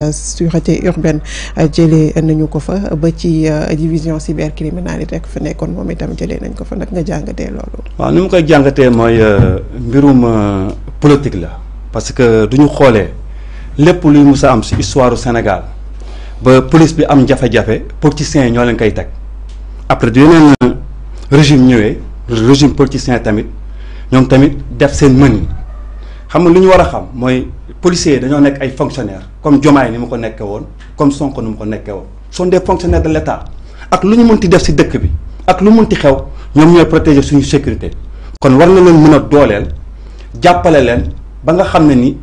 Euh, sûreté urbaine euh, jëlee nañu ko fa ba ci euh, division cybercriminalité rek fa nekkoon momi tam jëlee nañ ko fa nak nga jangaté lolu wa ni koy jangaté moy mbirum politique la parce que duñu xolé lepp luy musa am ci histoire du Sénégal ba police bi am jafé jafé politiciens yi ñoo leen koy teg après du yeneen régime ñëwee régime politicien tamit ñom tamit def seen mën xam nga lu ñu wara xam moy policiers dañu nek ay fonctionnaires comme Diomaye ni mu ko nekkee woon comme Sonko ni mu ko nekkee woon sont des fonctionnaires de l'État ak lu ñu mënti def ci dëkk bi ak lu mënti xew ñom ñoy protéger suñu sécurité kon war na leen mën a dooleel leen ba nga xam ni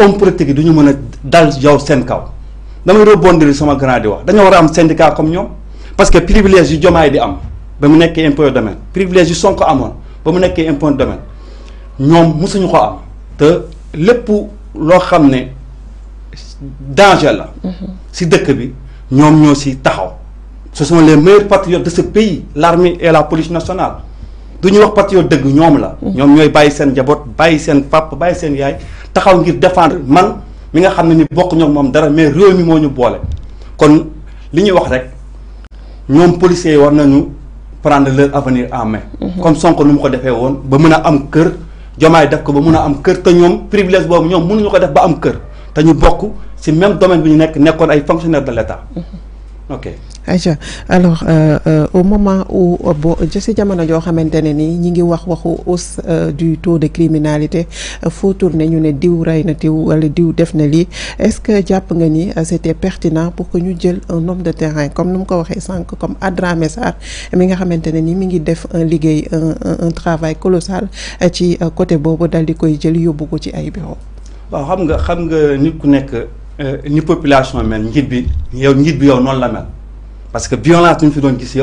homme politique duñu mëna dal yow sen kaw damay rebondir sama grand di wax dañu wara am syndicat comme ñom parce que privilège yu Diomaye di am ba mu nekkee impôt domaine privilège yu Sonko amoon ba mu nekkee impôt domaine ñoom mësuñu ko am te lepp loo xam ne danger la si mhm. dëkk bi ñoom ñoo si taxaw ce sont les meilleurs patriotes de ce pays l'armée et la police nationale du ñuy wax patriote dëgg ñoom la mhm. ñoom ñooy bàyyi seen njaboot bàyyi seen pap bàyyi seen yaay taxaw ngir défendre man mi nga xam ne ni bokk ñoom moom dara mais réew mi moo ñu boole kon li ñuy wax rek ñoom policiers yi war nañu prendre leur avenir en main mhm. comme Sonko nu mu ko defee woon ba mën a am kër jomaay def ko ba mun a am kër te ñoom privilège boobu ñoom mënuñu ko def ba am kër te ñu bokk ci même domaine bi ñu nekk nekkoon ay fonctionnaire de l'État ok Aïcha alors euh, euh, au moment où euh, je sais jamono joo xamante ne nii ñi ngi wax waxu hausse euh, du taux de criminalité euh, faut tourner ñu né diw rayna tiw wala diw def na li est-ce que japp nga ni c'était pertinent pour que ñu jël un homme de terrain comme nous ko waxé sank comme Adramé Messar mi nga xamante ni mi ngi def un liguey un un travail colossal ci côté bobu dal di koy jël yobbu ko ci ay bureau waaw xam nga xam nga nit ku nek euh, ni population mel njiit bi yow bi la parce que violence fi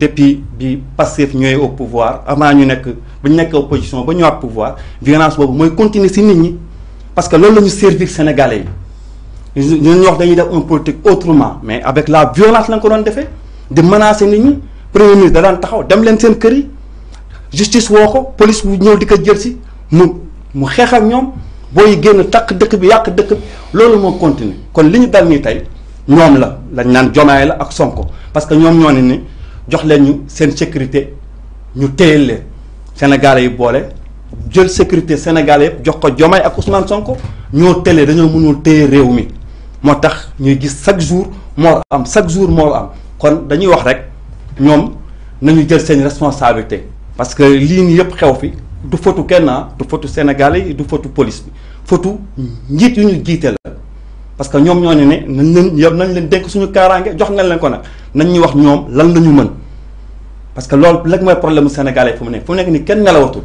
depuis bi au pouvoir avant ñu nek bu opposition ba pouvoir violence continuer parce que loolu lañu servir sénégalais dañuy un politique autrement mais avec la violence la ko de menacer nit premier ministre taxaw justice woo police bu jël si mu booy génn takk dëkk bi yak dëkk bi loolu moo continuer kon liñu dal ni tay ñom la lañ nane jomay la ak sonko parce que ñom ñoni ni jox leen ñu seen sécurité ñu téyel le sénégalais yi bolé jël sécurité sénégalais yëpp jox ko jomay ak Ousmane Sonko ñoo télé dañoo mënul téye réew mi motax ñuy gis chaque jour moo am chaque jour moo am kon dañuy wax rek ñom nañu jël seen responsabilité parce que lii nii yëpp xew fi du photo kenn ah, du photo sénégalais du photo police bi fotu njiit yu ñu jiite la parce que ñoom ñoo ne ne nañ leen yow nañ leen dénk suñu kaaraange jox nañ leen ko nag nañ ñu wax ñoom lan la ñu mën parce que loolu léegi mooy problème mu sénégalais fu mu nekk nii kenn nelawatul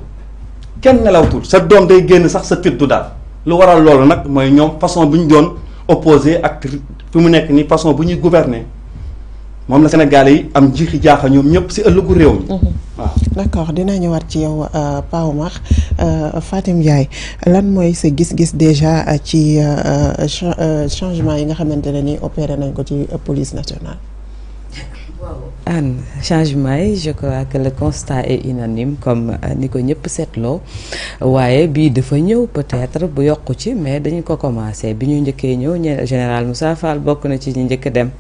kenn nelawatul sa doom day génn sax sa fit du daal lu waral loolu nag mooy ñoom façon bu ñu doon opposé ak fi mu nekk nii façon bu ñuy gouverner moom la sénégalais yi am jiixi jaaxa ñoom ñëpp si ëllëgu réew mi. Mm-hmm. waaw d' accord dinaa ñëwaat ci yow euh, Pa Oumar euh, Fatim Ndiaye lan mooy sa gis-gis déjà euh, ci changement yi nga xamante ne ni opéré nañ ko ci police nationale. Anne yi je crois que le constat comme ni ko ñëpp seetloo waaye bii dafa ñëw peut-être bu yokk ci mais dañu ko commencé bi ñu njëkkee ñëw général Moussa Fall bokk na ci ñu njëkk dem.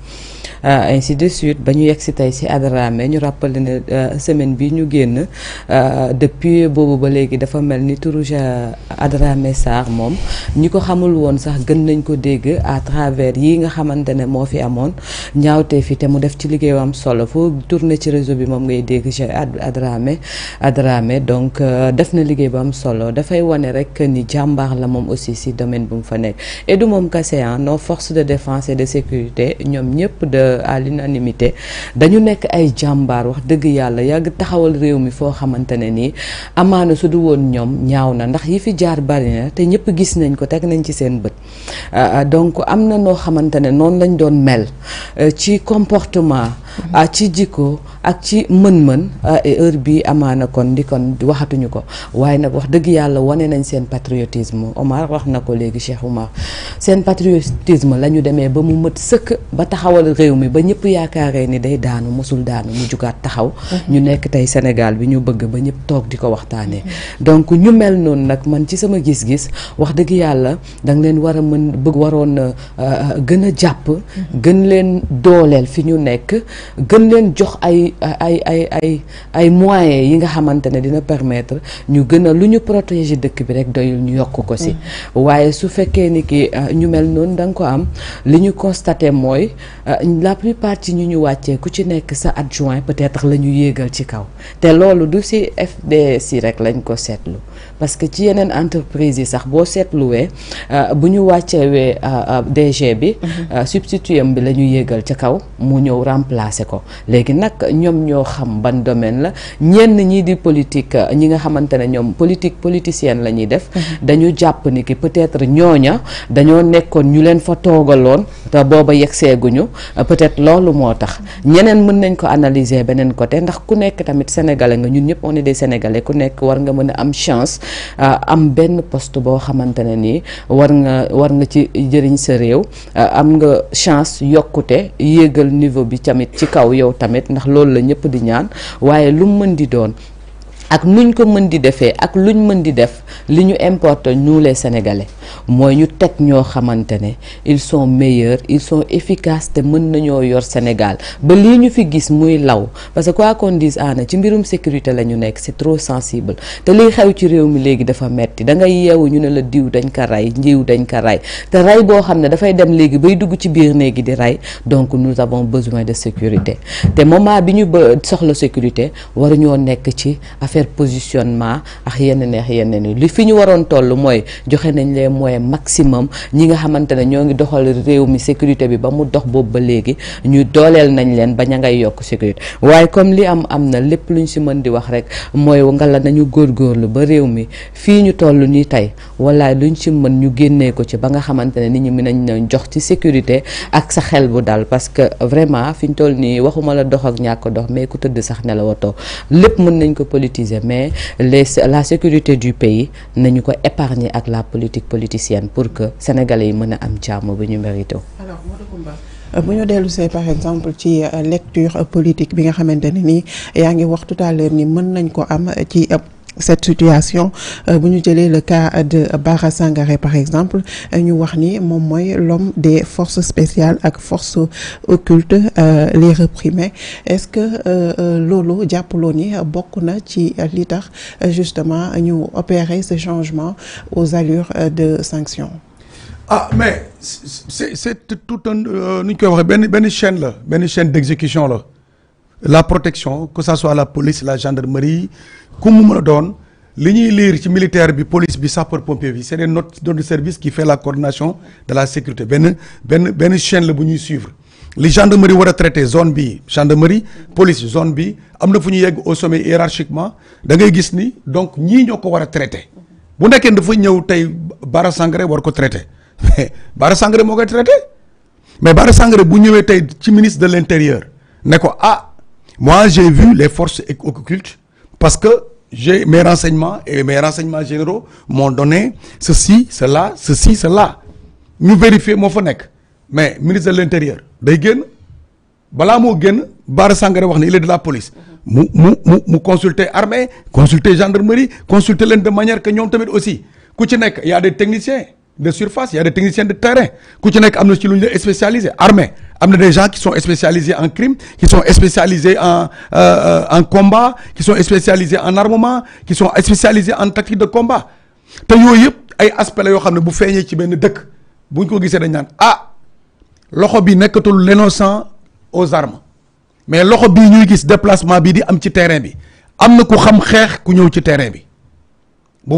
Euh, ainsi de suite ba ñu yegg si si Adarame ñu rappelé ne euh, semaine bi ñu génn euh, depuis boobu ba léegi dafa mel ni turu Adarame Sarr moom ñi ko xamul woon sax gën nañ ko dégg à travers yi nga xamante ne moo fi amoon ñaawte fi te mu def ci liggéeyam solo fu tourné ci réseau bi moom ngay dégg je Adarame Adarame donc def na liggéey ba am solo dafay wane rek ni jàmbaar la moom aussi si domaine bu mu fa nekk et du moom kase hein, nos forces de défense et de sécurité ñoom ñëpp de à l'unanimité dañu nekk ay jàmbaar wax dëgg yàlla yàgg taxawal réew mi foo xamante ne nii amaana su du woon ñoom ñaaw na ndax yi fi jaar bari te ñëpp gis nañ ko teg nañ ci seen bët ah, ah, donc am na noo xamante ne noonu lañ doon mel euh, ci comportement ah, ci jikko ak ci mën-mën heure bi amaana kon ndi kon waxatuñu ko waaye nag wax dëgg yàlla wane nañ seen patriotisme Omar wax na ko léegi Cheikh Omar seen patriotisme la demee ba mu mët sëkk ba taxawal réew mi ba ñëpp yaakaaree ni day daanu mosul daanu mu jugaat taxaw mhm. ñu nekk tey Sénégal bi ñu bëgg ba ñëpp toog di ko waxtaanee donc ñu mel noonu nag man ci sama gis-gis wax dëgg yàlla danga leen war a mën bëgg waroon gën a jàpp mhm. gën leen dooleel fi ñu nekk gën leen jox ay ay ay ay ay moyens yi nga xamante ne dina permettre ñu gën a lu ñu protéger dëkk bi rek doyul ñu yokk ko si mhm. waaye su fekkee ni ki euh, ñu mel noonu da ko am li ñu constaté mooy euh, la plupart ci ñu ñu wàccee ku ci nekk sa adjoint peut-être la ñu yéegal ci kaw te loolu du ci FDS rek lañ ko seetlu parce que ci yeneen entreprise yi sax boo seetluwee euh, bu ñu wàccewee euh, euh, DG bi mhm. substitut bi la ñu yéegal ca kaw mu ñëw remplacer ko léegi nag ñoom ñoo xam ban domaine la ñenn ñii di politique ñi nga xamante ne ñoom politique politicienne la ñuy def mhm. dañu jàpp ni ki peut-être ñooña dañoo nekkoon ñu leen fa toogaloon te booba yeggseeguñu peut-être loolu moo tax mhm. ñeneen mën nañ ko analyser beneen côté ndax ku nekk tamit sénégalais nga ñun ñëpp on est des sénégalais ku nekk war nga mën a am chance Euh, am benn poste boo xamante ne nii war nga war nga ci jëriñ sa réew euh, am nga chance yokkute yéegal niveau bi tamit ci kaw yow tamit ndax loolu la ñëpp di ñaan waaye lu mën di doon ak nuñ ko mën di defee ak luñ mën di def li ñu importe nous les sénégalais mooy ñu teg ñoo xamante ne ils sont meilleurs ils sont efficaces te mën nañoo yor Sénégal ba lii ñu fi gis muy law parce que quoi qu'on dise ana ci mbirum sécurité la ñu nekk c'est trop sensible te liy xew ci réew mi léegi dafa metti da ngay yeewu ñu ne la diw dañ ka ray njiw dañ ka ray te ray boo xam ne dafay dem léegi bay dugg ci biir néegi di ray donc nous avons besoin de sécurité te moment bi ñu ba soxla sécurité waruñoo nekk ci affaire affaire positionnement ak yenn neex yenn ni li fi ñu waroon toll mooy joxe nañ les moyens maximum ñi nga xamante ne ñoo ngi doxal réew mi sécurité bi ba mu dox boobu ba léegi ñu dooleel nañ leen ba ña ngay yokk sécurité waaye comme li am am na lépp lu ñu si mën di wax rek mooy nga la nañu góor góorgóorlu ba réew mi fii ñu toll nii tey wallaay luñ si mën ñu génnee ko ci ba nga xamante ne nit ñi mën nañ leen jox ci sécurité ak sa xel bu dal parce que vraiment fi ñu toll nii waxuma la dox ak ñàkk dox mais ku tëdd sax ne la mais les la sécurité du pays nañu ko épargné ak la politique politicienne pour que sénégalais puissent avoir a am jàmm bi ñu alors bu ñu dellu see par exemple ci euh, lecture euh, politique bi nga xamante ne nii tout à l'heure ni mën nañ ko am ci euh, cette situation vous euh, nous le cas de Barra Sangaré par exemple nous wax ni l'homme des forces spéciales des forces occultes euh, les réprimés est-ce que euh, Lolo Diapoloni, ni qui na ci leader, justement ñu opérer ce changement aux allures de sanctions ah mais c'est tout un Il ñu chaîne chaîne d'exécution là la protection que ça soit la police la gendarmerie comme on le donne les militaires, les ci militaire police bi sapeur pompier c'est notre service qui fait la coordination de la sécurité Ben, ben, ben chaîne la bu suivre Les gendarmerie war traiter zone bi gendarmerie police zone bi am na au sommet hiérarchiquement da ngay gis ni donc ñii ñoo ko war a traité bu nekkee Bara sangre, war ko traiter. mais Bara Sangaré moo koy mais Bara sangre, bu ñëwee ci ministre de l'intérieur ne quoi ah moi, j'ai vu les forces occultes parce que j'ai mes renseignements et mes renseignements généraux m'ont donné ceci, cela, ceci, cela. Nous vérifions mon phonèque. mais ministre de l'Intérieur, il est de la police Nous mu l'armée, consulter armée gendarmerie consulter de manière que nous sommes aussi Il y a des techniciens de surface il y a des techniciens de terrain ku ci a des armée y a des gens qui sont spécialisés en crime qui sont spécialisés euh, euh, en combat qui sont spécialisés en armement qui sont spécialisés en tactique de combat te ay aspect bu ci buñ ko ah, l'innocent aux armes mais loxo qui ñuy déplace, déplacement bi di am ci terrain bi ku xam terrain bi bu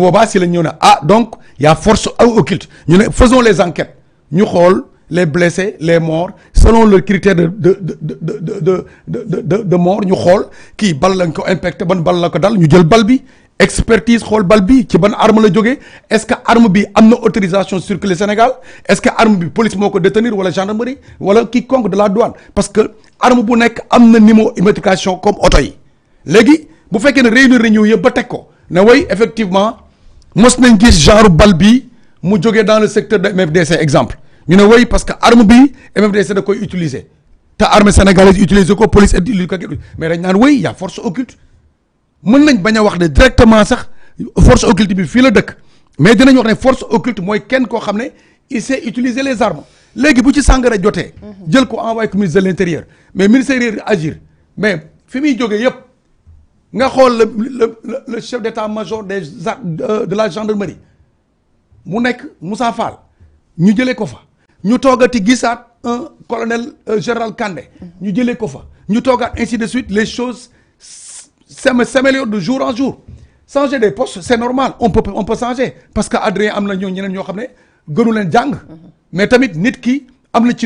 la ah donc y a force occulte faisons les enquêtes ñu xol les blessés les morts selon le critère de de de de de de de de mort ñu xool kii bal lañ ko impacté ban bal la ko dal ñu jël bal bi expertise xol bal bi ci ban arme la jógee est-ce que arme bi amna autorisation circuler Sénégal est-ce que arme bi police moko détenir wala gendarmerie wala quiconque de la douane parce que arme bu nek amna numéro immatriculation comme auto yi légui bu fekkee réunion réunion nañu yëpp ba teg ko né way effectivement mos nañ gis genre bal bi mu jógee dans le secteur de MFDC exemple ñu ne woy parce que arme bi MFDC da koy utiliser Ta armée sénégalaise utiliser ko police et ko mais dañ naan y' a force occulte mën nañ bañ a wax directement sax force occulte bi fii la dëkk mais dinañ wax une force occulte moi kenn koo xam il sait utiliser les armes Légui bu ci sangara joté jël ko envoyé ko ministre de l'intérieur. mais ministère agir mais fi muy jógee nga xol le le le chef d'état major des de la gendarmerie mu nekk Moussa Fall ñu jëlé ko fa ñu avons un colonel euh, général Kande, ñu ko fa ñu vu ainsi de suite les choses s'améliorent de jour en jour changer des postes c'est normal on peut on peut changer parce que Adrien nous avons ñoo que ñoo avons que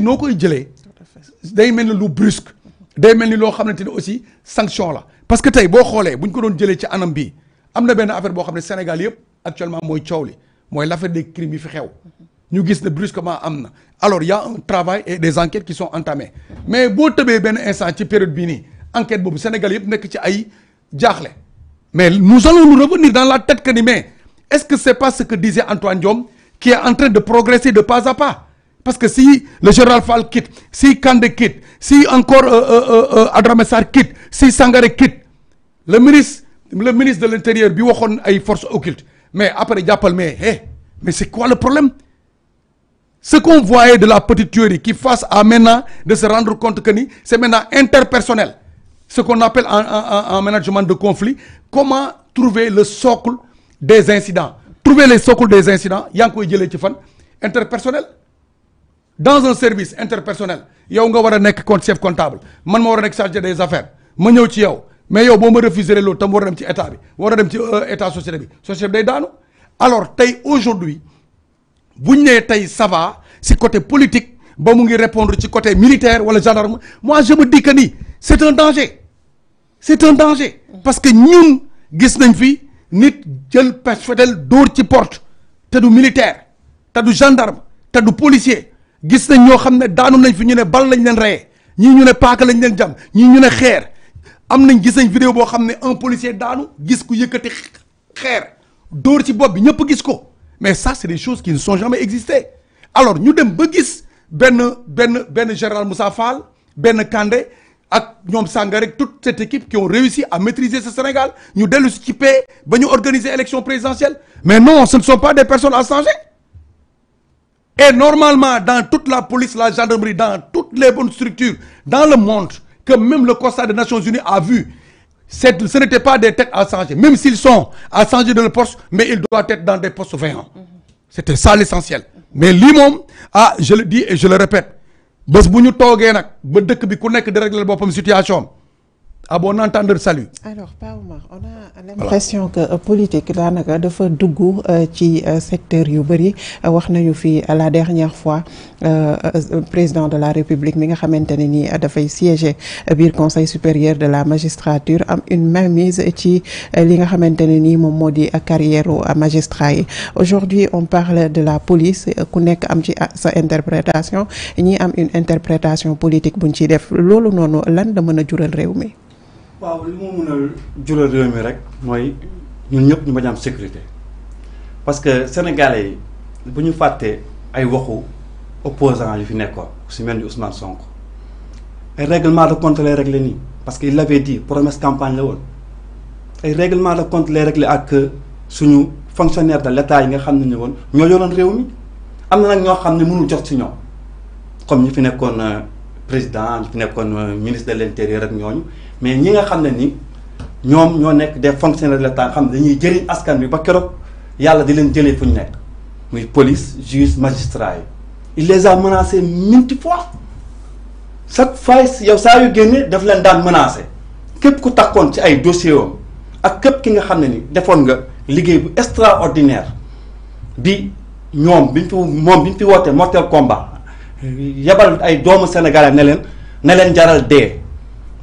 nous mais brusque day melni lo aussi sanction la parce que ko ci anam affaire Sénégal yépp actuellement moy l'affaire des crimes yi nous gis brusquement amener alors il y' a un travail et des enquêtes qui sont entamées mais vous vous un instant ci période enquête boobu Sénégal mais nous allons nous revenir dans la tête que ni est ce que ce n'est pas ce que disait Antoine Diom qui est en train de progresser de pas à pas parce que si le général Fall quitte si Kande quitte si encore euh, euh, euh, euh Sarr quitte si Sangaré quitte le ministre le ministre de l'Intérieur il bi force ay forces occultes mais après il a dit mais c'est quoi le problème. Ce qu'on voyait de la petite tuerie qui fasse à maintenant de se rendre compte que c'est maintenant interpersonnel. Ce qu'on appelle un management de conflit. Comment trouver le socle des incidents Trouver le socle des incidents, Yanko interpersonnel. Dans un service interpersonnel, il y a un chef comptable, man ma chargé des affaires, ma ñëw ci yow, mais yow boo ma refuser l'autre, tam war a dem ci état bi war euh, état société bi société alors aujourd'hui si vous tay ça va côté politique ba mu ngi répondre côté militaire wala gendarme moi je me dis que c'est un danger C'est un danger. parce que ñun gis nañ fi nit jël pes ci porte du militaire du gendarme te du policier gis nañ daanu nañ fi ne bal lañ leen ñu ne lañ leen ñu ne am nañ vidéo un policier daanu gis ku ci mais ça c'est des choses qui ne sont jamais existées alors nous devons ba Ben Ben Moussafal, Ben général Kandé toute cette équipe qui ont réussi à maîtriser ce Sénégal Nous devons skipper, ci organiser l'élection présidentielle mais non ce ne sont pas des personnes à changer et normalement dans toute la police la gendarmerie dans toutes les bonnes structures dans le monde que même le constat des Nations Unies a vu ce n'était pas des têtes à Même s'ils sont à changer de le poste, mais ils doivent être dans des postes veillants. C'était ça l'essentiel. Mais lui-même, ah, je le dis et je le répète, bés bu ñu toogee ba dëkk bi ku nekk di régler situation ah, bon entendeur salut. alors on a l'impression que politique secteur la dernière fois le euh, euh, président de la république a nga euh, siéger conseil supérieur de la magistrature une magistrat aujourd'hui on parle de la police ku am sa interprétation une interprétation politique waaw li mu mën a jural mi rek mooy ñun ñëpp ñu bañ am sécurité parce que sénégalais bu ñu fàttee ay waxu opposants yu fi nekkoon si mel ni Ousmane Sonko ay règlement de compte lay réglé ni, parce que il l'avait dit promesse campagne la wol. ay règlement de compte lay réglé ak suñu fonctionnaire de l'état yi nga xam ne ñu woon ñoo yoroon réew mi am na nag ñoo xam ne mënul jot si ñoom comme ñi fi nekkoon euh, président ñi fi nekkoon euh, ministre de l'intérieur ak ñooñu mais ñi nga xam ne ni ñoom ñoo nekk des fonctionnaires de l'État xam ne dañuy jëriñ askan bi ba keroog yàlla di leen jëlee fu ñu nekk muy police juge magistrat yi il les a menacés maintes fois chaque fois yow saa yu génne daf leen daan menacé képp ku takkoon ci ay dossier ak képp ki nga xam ne ni defoon nga liggéey bu extraordinaire bi ñoom bi ñu fi moom bi ñu fi wootee mortel combat yebal ay doomu sénégal sénégalais ne leen ne leen jaral dee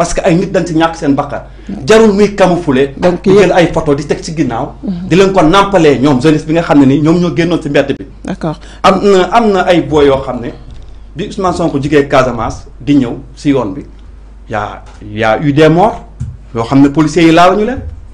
parce que ay nit dañ ci ñàkk seen bakkan jarul muy camoufler donc di jël ay photo di teg ci ginnaaw di leen ko nàmpalee ñoom jeunesse bi nga xam ne nii ñoom ñoo génnoon ci mbedd bi am na am na ay boo yoo xam ne bi Ousmane Sonko jigee Casamance di ñëw si yoon bi yaa yaa eu des morts yoo xam ne policiers yi laaluñu leen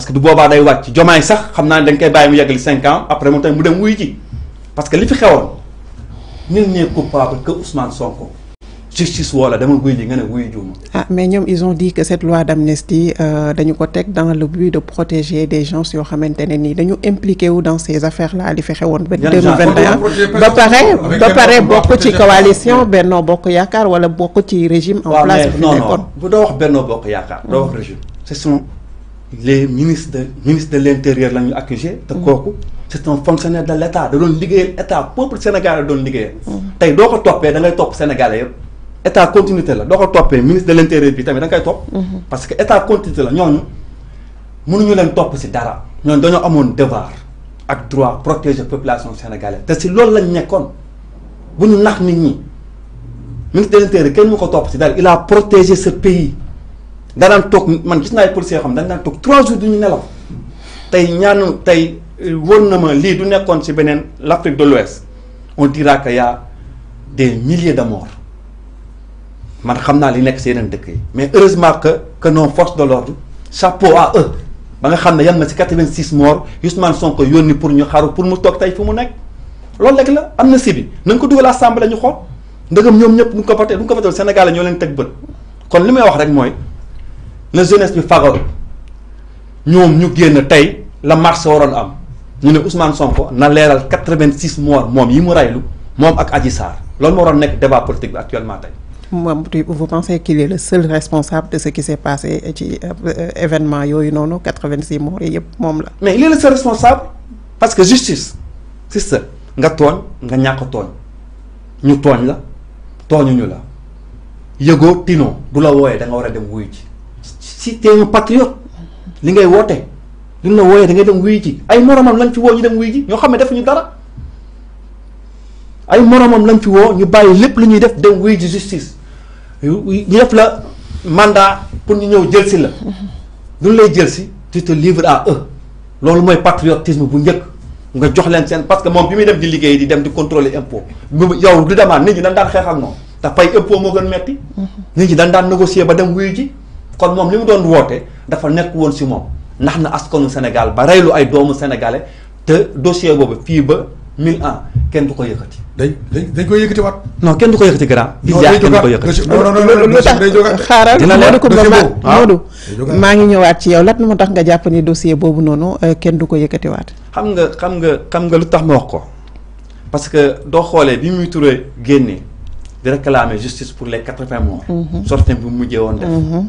parce que bu boobaa day wacc jomay sax xamna dañ koy bàyyi mu yeggali 5 ans après moom tamit mu dem wuy ci parce que li fi xewoon nul n'est coupable que Ousmane Sonko. justice wala dama guy ji nga ne wuy juuma. ah mais ñom ils ont dit que cette loi d'amnistie euh, dañu ko tek dans le but de protéger des gens yo xamantene ni dañu impliqué wu dans ces affaires là li fi xewon ba 2021 ba paré ba paré bokku ci coalition Benno bokku Yaakaar wala bokku ci régime. en place bu non non bu do wax Benno bokku Yaakaar. do wax régime c'est son les ministres de ministre de l'intérieur la ñu accusé te mm-hmm. c'est un fonctionnaire de l'état da doon liggéeyal état peuple sénégalais doon liggéeyal mm-hmm. tey doo ko toppee da ngay topp sénégalais yëpp état continuité la doo ko toppee ministre de l'intérieur bi tamit da nga top. Mm-hmm. parce que état continuité la ñooñu mënuñu leen topp si dara ñooñu dañoo amoon devoir ak droit protéger population sénégalaise te si loolu lañ nekkoon bu ñu nax nit ñi ministre de l'intérieur kenn mu ko topp si il a protégé ce pays da daan toog man gis naa ay policiers yoo xam ne daan toog trois jours du ñu nelaw tey ñaanu tey euh, wóor na ma lii du nekkoon ci beneen l' Afrique de l'Ouest on dira que y a des milliers de morts man xam naa li nekk ci yeneen dëkk yi mais heureusement que que nos forces de l'ordre chapeau à eux ba nga xam ne yam na ci 86 morts Ousmane Sonko yónni pour ñu xaru pour mu toog tey fu mu nekk loolu rek la am na si bi na nga ko dugal assemblée ñu xool ndëgam ñoom ñëpp du ko voté du ñu ko voté Sénégal ñoo leen teg bët kon li may wax rek mooy na jeunesse bi fagaru ñom ñu genn tay la marche waron am ñu ne Ousmane Sonko na leeral 86 morts moom yi mu raylu mom ak Adji Sarr loolu mo waron nek débat politique actuellement tay vous pensez qu'il est le seul responsable de ce qui s'est passé ci euh, événement yooyu noonu quatre-vingt-six morts là mom la. mais il est le seul responsable parce que justice c'est ça nga tooñ nga ñàkk tooñ ñu tooñ la tooñuñu la yego tino du la wooyee da nga wara dem wuyu si t'es un patriote li ngay woote li nga wooyee da ngay dem wuy ji ay moromam lañ fi woo ñu dem wuy ji ñoo xam ne ñu dara ay moromam lañ fi woo ñu bàyyi lépp lu ñuy def dem wuy ji justice ñu def la mandat pour ñu ñëw jël si la duñ lay jël si tu te livres à loolu mooy patriotisme bu njëkk nga jox leen seen parce que moom bi muy dem di liggéey di dem di contrôler impo yow du demaat nit ñi dañ daan xeex ak moom dafay impôt moo gën metti mm-hmm. nit ñi dañ daan négocier ba dem wuy ji kon moom li mu doon woote dafa nekk woon si moom ndax na askanu Sénégal ba reylu ay doomu sénégalais te dossier boobu fii ba mille ans kenn du ko yëkkati. dañ dañ dañ koy yëkkati waat. non kenn du ko yëkkati grand. non day jógaat lu tax xaaral Modou Coumba ah, Modou maa ngi ñëwaat ci yow lan moo tax nga jàpp ni dossier boobu noonu euh, kenn du ko yëkkati waat. xam nga xam nga xam nga lu tax ma wax ko parce que doo xoolee bi muy turee génnee di réclamer justice pour les quatre-vingts morts. Mhm. sortie bi mu mujjee woon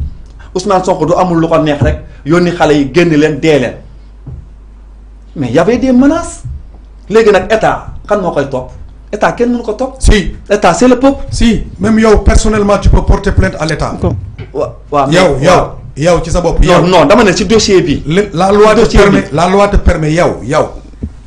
Ousmane Sonko du amul lu ko neex rek yoni xalé yi genn len dee leen mais y avait des menaces légui nak état kan mo koy top état ken mënu ko top si état c'est le peuple. si même yow personnellement tu peux porter plainte à l'état. wa yow yow. yow ci sa bop yow non dama né ci dossier bi. la loi te permet la loi te permet yow yow.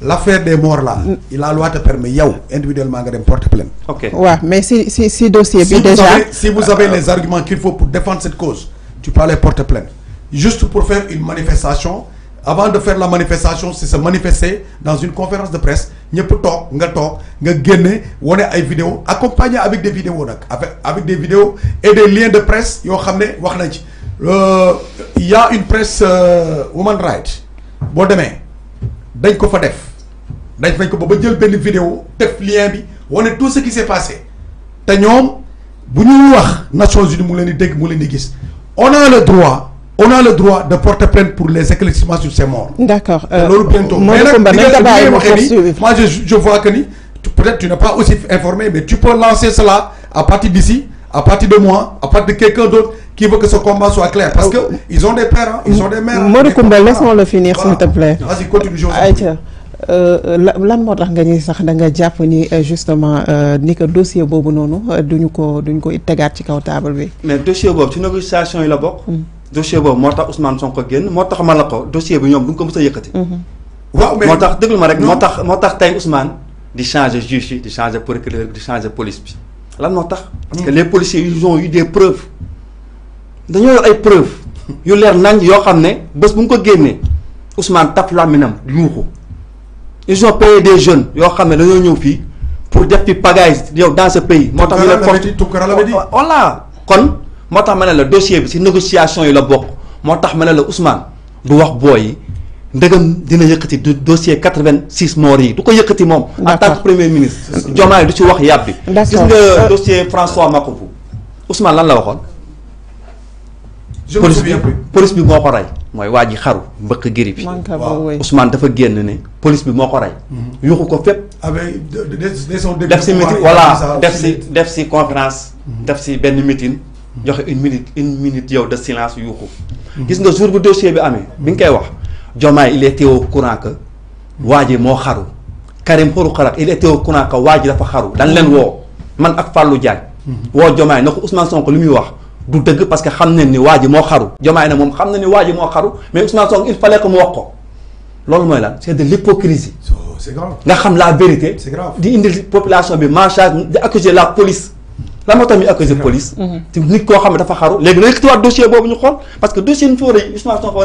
l'affaire des morts là. la loi te permet yow individuellement de dem porter plainte. ok Ouais. mais si si si dossier bi. déjà si vous avez euh, les arguments qu'il faut pour défendre cette cause tu peux porte pleine. Juste pour faire une manifestation, avant de faire la manifestation c'est se manifester dans une conférence de presse ñëpp toog nga toog nga génne wane ay vidéo accompagné avec des vidéos avec avec des vidéos et des liens de presse yoo xam wax nañ euh, il y a une presse euh, woman right Bon demain, dañ ko fa def dañ fañ ko ba ba jël benn vidéo def lien bi wane tout ce qui s'est passé te ñoom bu ñuy wax Nations Unies mu leen di dégg mu leen di gis on a le droit on a le droit de porter plainte pour les éclaircissements sur ces morts. D'accord. Euh, moi je vois que peut-être tu n'es pas aussi informé mais tu peux lancer cela à partir d'ici à partir de moi à partir de quelqu'un d'autre qui veut que ce combat soit clair parce oh. que ils ont des pères ils ont des mères. Moi, Koumba laisse le finir s'il te plaît. Vas-y continue. Euh, lan moo tax nga ni sax da nga japp ni euh, justement euh, ni que dossier bobu noonu duñu ko duñu ko tegaat ci kaw table bi. mais dossier bobu ci négociation yi la bok mm. dossier bobu motax Ousmane Sonko génn motax tax ma la ko dossier bi ñom duñ ko mësa yëkëti mm-hmm. waaw mais motax tax ma rek motax motax moo Ousmane di changer juge yi di changer procureur di changer police bi lan parce que mm. les policiers ils ont eu des preuves dañu ay preuves yu leer nañ yo xamné ne bés bu ko génnee Ousmane tap làmmiñam yuuxu ils ont payé des jeunes yo xamé dañu dañoo ñëw fii pour def fi pagaille dans ce pays. motax tax ñu leen oh, oh, voilà kon moo tax ma dossier bi ci négociation yi la bok motax tax le Ousmane du wax boy yi ndëgam dina yëkëti dossier 86 vingt morts yi du ko yëkëti mom en tant que premier ministre. Diomaye du ci wax yàbbi. gis nga euh, dossier François Mancabou Ousmane lan la waxoon je police bi moo ko rey mooy waa xaru mbëkk giri bi Ousmane dafa genn ne police bi moo ko rey mhm. yuuxu ko fépp def ci meeting voilà def ci def ci conférence mhm. def ci ben meeting mhm. joxe une minute une minute yow de silence yuxu gis nga jour bu dossier bi amé bi nga koy wax Diomaye il était au courant que waa mo xaru Karim xaru xarak il était au courant que waa dafa xaru dañ len wo man ak fallu Diagne wo Diomaye nako Ousmane Sonko li wax parce que xam ni waji mo xaru jomaay na dit que ni waji mo xaru mais Ousmane Sonko il fallait que mo wax ko loolu mooy C'est c' de l'hypocrisie. c'est grave nga xam la vérité. c'est grave di indil population bi di la police. la moo a police. Mhm. Tu nit ko xam dafa xaru dossier bobu ñu parce que dossier ñu sont Ousmane Sonko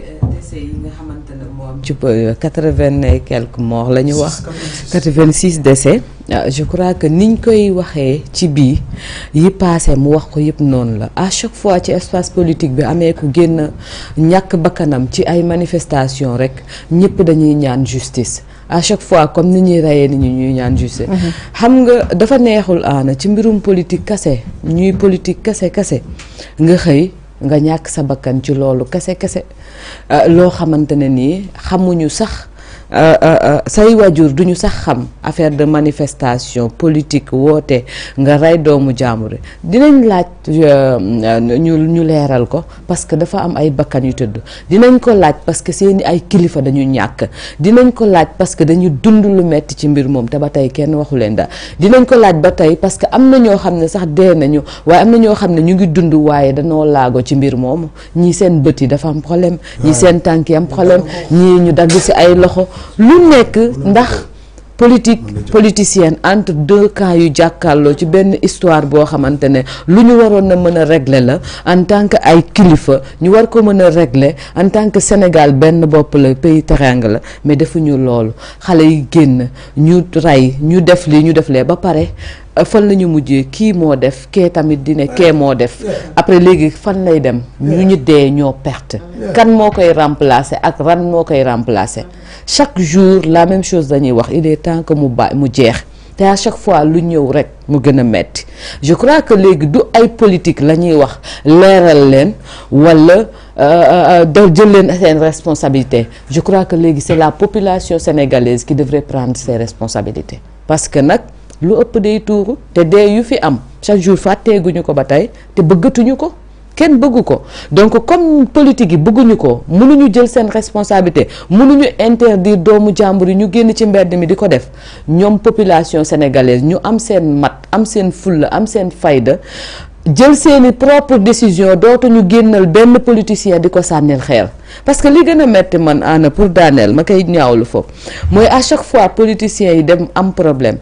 tu peux et quelques morts la ñu wax quatre décès ah, je crois que niñ koy waxee ci bii yi passé mu wax ko yëpp noonu la à chaque fois ci espace politique bi amee ku génn ñàkk bakkanam ci ay manifestation rek ñëpp dañuy ñaan justice à chaque fois comme ni ñuy reyee ni ñu ñuy ñaan justice mm-hmm. xam nga dafa neexul aana ci mbirum politique kase ñuy politique kase kase nga xëy nga ñàkk sa bakkan ci loolu kase kase euh, loo xamante ne ni xamuñu sax Euh, euh, euh, say waajur ñu sax xam affaire de manifestation politique woote nga rey doomu jàmbur dinañ laaj ñu ñu leeral ko parce que dafa am ay bakkan yu tëdd dinañ ko laaj parce que seeni ay kilifa dañu ñàkk dinañ ko laaj parce que dañu dund lu metti ci mbir moom te ba tey kenn waxu leen da dinañ ko laaj ba tey parce que am na ñoo xam ne sax dee nañu waaye am na ñoo xam ne ñu ngi dund waaye danoo laago ci mbir moomu ñii seen bët yi dafa am problème ñii seen tànk yi am problème ñii ñu dagg si ay loxo lu nekk ndax politique politicienne entre deux camps yu jàkkaloo ci benn histoire boo xamante ne lu ñu waroon na mën a régler la en tant que ay kilifa ñu war ko mën a régler en tant que Sénégal benn bopp la pays teranga la mais defuñu loolu xale yi génn ñu rey ñu def lii ñu def lee ba pare fan lañu mujjé ki mo qui def ké tamit dina ké mo def après légui fan lay dem ñu ñu dé ñoo perte kan mo koy remplacer ak ran mo koy remplacer chaque jour la même chose dañuy wax il est temps que mu ba mu jeex à chaque fois lu ñëw rek mu gëna metti je crois que légui du ay politique politiques wax léral leen walla euh, euh, euh, responsabilité je crois que c'est la population sénégalaise qui devrait prendre ses responsabilités parce que lu ëpp day tuuru te dee yu fi am chaque jour fàtteeguñu ko ba tey te bëggatuñu ko kenn bëggu ko donc comme politique yi bëgguñu ko mënuñu jël seen responsabilité mënuñu interdire doomu jàmbur yi ñu génn ci mbedd mi di ko def ñoom population sénégalaise ñu am seen mat am seen fulla am seen fayda jël seeni propre décision dootuñu génnal benn politicien di ko sànnil xeer parce que li gën a metti man ana pour daaneel ma koy ñaawlu foofu mooy à chaque fois politiciens yi dem am problème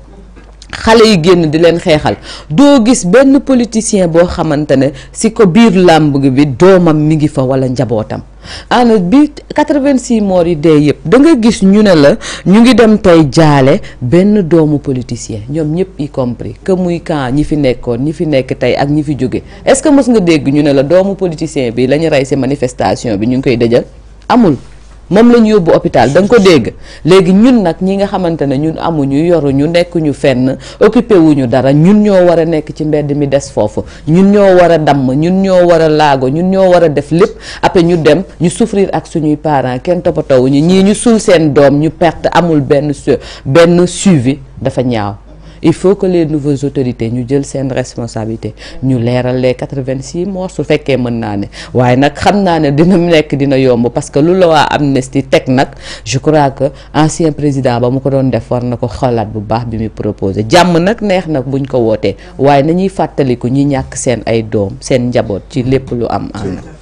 xale yi génn di leen xeexal doo gis benn politicien boo xamante ne si ko biir làmb bi doomam mi ngi fa walla njabootam ana bi 86 moor yi dee yëpp da nga gis ñu ne la ñu ngi dem tey jaale benn doomu politicien ñoom ñëpp y compris que muy camp ñi fi nekkoon ñi fi nekk tey ak ñi fi jóge est-ce que mës nga dégg ñu ne la doomu politicien bi la rey si manifestation bi ñu ngi koy dëjal amul moom la ñu yóbbu hôpital da nga ko dégg léegi ñun nag ñi nga xamante ne ñun amuñu yoruñu nekkuñu fenn occupé wuñu dara ñun ñoo war a nekk ci mbedd mi des foofu ñun ñoo war a damm ñun ñoo war a laago ñun ñoo war a def lépp après ñu dem ñu souffrir ak suñuy parent kenn toppatoo wuñu ñii ñu suuf seen doom ñu perte amul benn benn suivi dafa ñaaw il faut que les nouvelles autorités ñu jël seen responsabilité ñu leerale les quatre-vingt-six morts su fekkee mën naa ne waaye nag xam naa ne dina nekk dina yomb parce que lu la waa amnistie teg nag je crois que ancien président ba mu ko doon def war na ko xalaat bu baax bi muy proposé jàmm nag neex nag buñ ko wootee waaye na nañuy fàttaliku ñi ñàkk seen ay doom seen njaboot ci lépp lu am ànd